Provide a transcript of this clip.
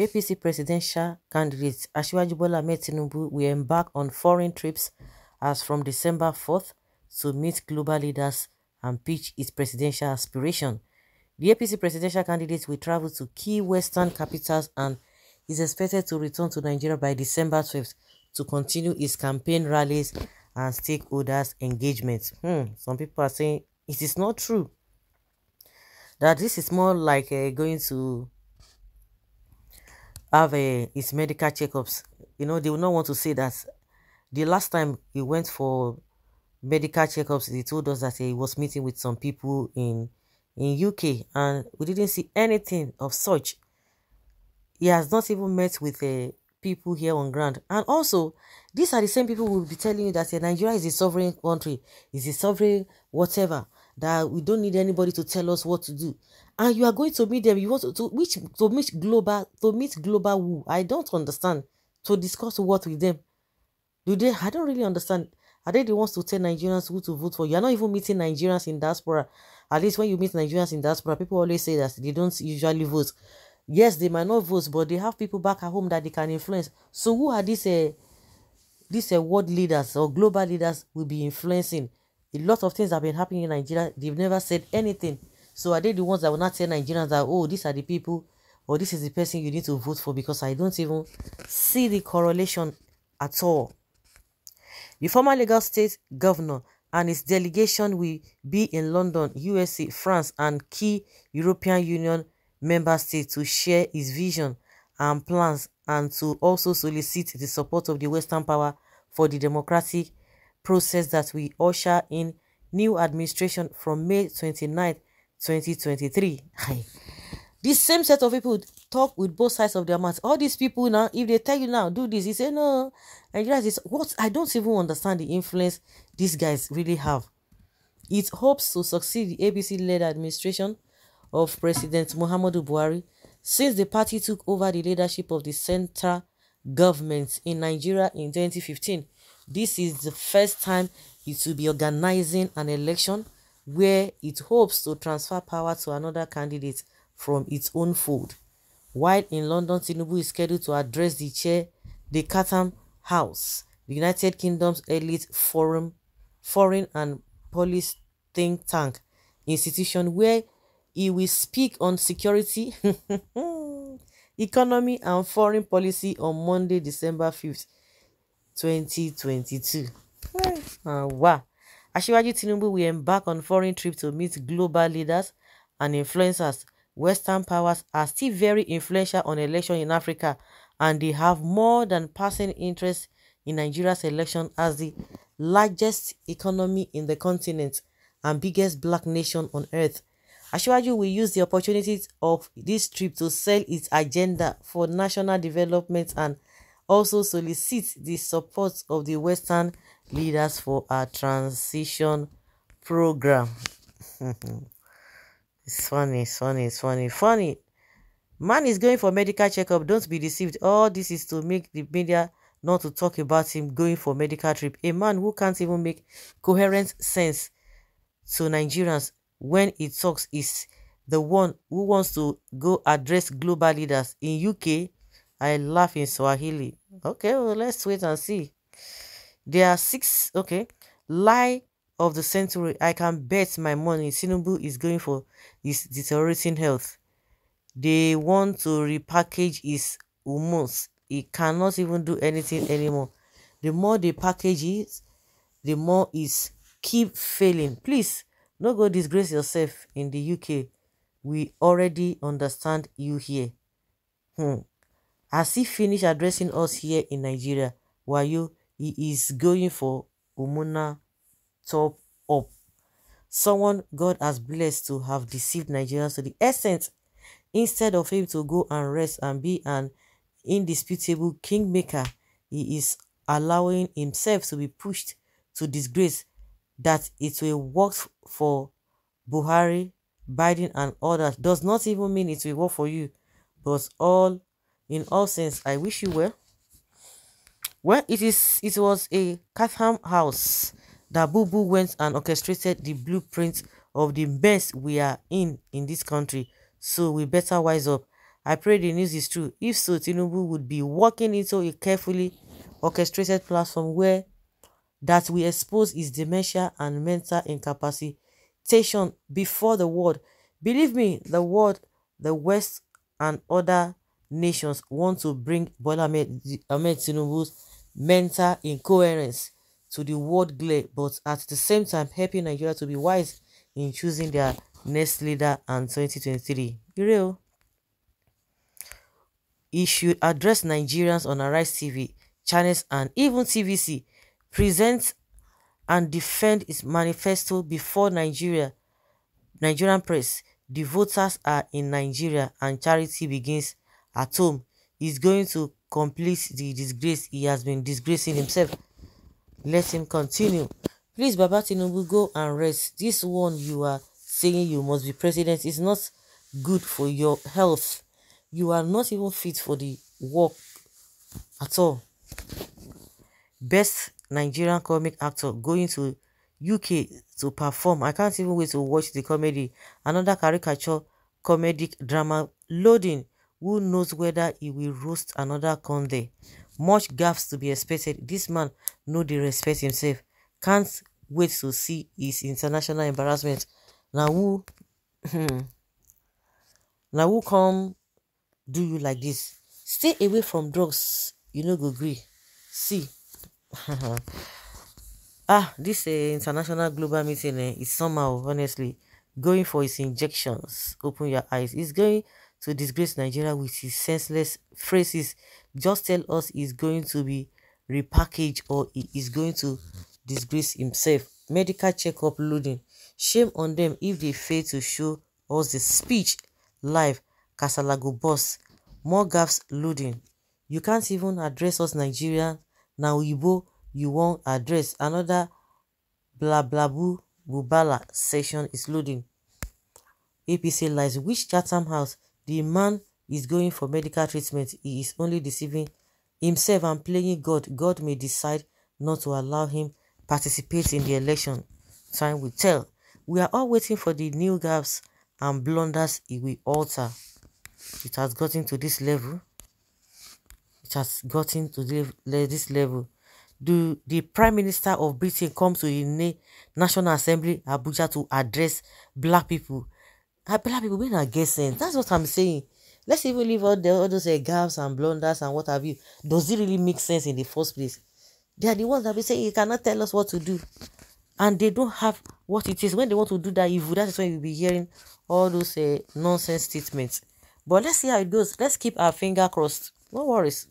APC presidential candidate Asiwaju Bola Ahmed Tinubu will embark on foreign trips as from December 4th to meet global leaders and pitch his presidential aspiration. The APC presidential candidate will travel to key western capitals and is expected to return to Nigeria by December 12th to continue his campaign rallies and stakeholders' engagement. Hmm, some people are saying it is not true that this is more like uh, going to have a, eh, his medical checkups. You know, they will not want to say that the last time he went for medical checkups, he told us that eh, he was meeting with some people in in UK, and we didn't see anything of such. He has not even met with the eh, people here on ground. And also, these are the same people who will be telling you that Nigeria is a sovereign country, is a sovereign whatever that we don't need anybody to tell us what to do and you are going to meet them you want to, to which to meet global to meet global who i don't understand to discuss what with them do they i don't really understand are they the ones to tell nigerians who to vote for you're not even meeting nigerians in diaspora at least when you meet nigerians in diaspora people always say that they don't usually vote yes they might not vote but they have people back at home that they can influence so who are these uh, these uh, world leaders or global leaders will be influencing a lot of things have been happening in Nigeria. They've never said anything. So are they the ones that will not tell Nigerians that, oh, these are the people or this is the person you need to vote for because I don't even see the correlation at all. The former legal state governor and his delegation will be in London, USA, France, and key European Union member states to share his vision and plans and to also solicit the support of the Western power for the democratic process that will usher in new administration from May 29, 2023. this same set of people talk with both sides of their mouth. All these people now, if they tell you now, do this, you say, no, realize is what I don't even understand the influence these guys really have. It hopes to succeed the ABC-led administration of President Muhammadu Buhari since the party took over the leadership of the central government in Nigeria in 2015 This is the first time it will be organizing an election where it hopes to transfer power to another candidate from its own fold. While in London, Tinubu is scheduled to address the chair, the Chatham House, the United Kingdom's elite forum, foreign and police think tank institution where he will speak on security, economy and foreign policy on Monday, December 5th. 2022. Uh, ah, wow. Ashiwaju Tinubu will embark on foreign trip to meet global leaders and influencers. Western powers are still very influential on election in Africa and they have more than passing interest in Nigeria's election as the largest economy in the continent and biggest black nation on earth. Ashwaju will use the opportunities of this trip to sell its agenda for national development and also solicits the support of the Western leaders for a transition program. it's funny, it's funny, it's funny, funny. Man is going for medical checkup. Don't be deceived. All this is to make the media not to talk about him going for medical trip. A man who can't even make coherent sense to Nigerians when he talks is the one who wants to go address global leaders in UK I laugh in Swahili. Okay, well, let's wait and see. There are six, okay, lie of the century. I can bet my money Sinubu is going for his deteriorating health. They want to repackage his humus. He cannot even do anything anymore. The more they package it, the more is keep failing. Please, no go disgrace yourself in the UK. We already understand you here. Hmm. Has he finished addressing us here in Nigeria? Wayo, he is going for Umuna top up. Someone God has blessed to have deceived Nigerians So the essence instead of him to go and rest and be an indisputable kingmaker, he is allowing himself to be pushed to disgrace that it will work for Buhari, Biden, and others. Does not even mean it will work for you, but all in all sense, I wish you well. Well, it is it was a Catham house that Boo Boo went and orchestrated the blueprint of the mess we are in in this country. So we better wise up. I pray the news is true. If so, Tinubu would be walking into a carefully orchestrated platform where that we expose his dementia and mental incapacitation before the world. Believe me, the world, the West, and other nations want to bring Bola Ahmed, Tinubu's mental incoherence to the world glare, but at the same time helping Nigeria to be wise in choosing their next leader and 2023. Real. He should address Nigerians on Arise TV, channels, and even TVC, present and defend his manifesto before Nigeria, Nigerian press. The voters are in Nigeria and charity begins at home is going to complete the disgrace he has been disgracing himself. Let him continue. Please, Baba Tinubu, go and rest. This one you are saying you must be president is not good for your health. You are not even fit for the work at all. Best Nigerian comic actor going to UK to perform. I can't even wait to watch the comedy. Another caricature comedic drama loading who knows whether he will roast another corn there? Much gaffes to be expected. This man know the respect himself. Can't wait to see his international embarrassment. Now who, hmm, now who come do you like this? Stay away from drugs. You know, go agree. See. ah, this uh, international global meeting uh, is somehow, honestly, going for his injections. Open your eyes. He's going to disgrace Nigeria with his senseless phrases. Just tell us he's going to be repackaged or he is going to disgrace himself. Medical checkup loading. Shame on them if they fail to show us the speech live. Kasalago boss. More gaffes loading. You can't even address us Nigerians. Now Igbo, you won't address. Another blah blah boo bubala session is loading. APC lies. Which Chatham House The man is going for medical treatment. He is only deceiving himself and playing God. God may decide not to allow him participate in the election. Time will tell. We are all waiting for the new gaps and blunders he will alter. It has gotten to this level. It has gotten to this level. Do the Prime Minister of Britain come to the National Assembly Abuja to address black people I black people when I get sense. That's what I'm saying. Let's even leave all the all those uh, gaps and blunders and what have you. Does it really make sense in the first place? They are the ones that be saying you cannot tell us what to do. And they don't have what it is. When they want to do that evil, that is when you'll be hearing all those uh, nonsense statements. But let's see how it goes. Let's keep our finger crossed. No worries.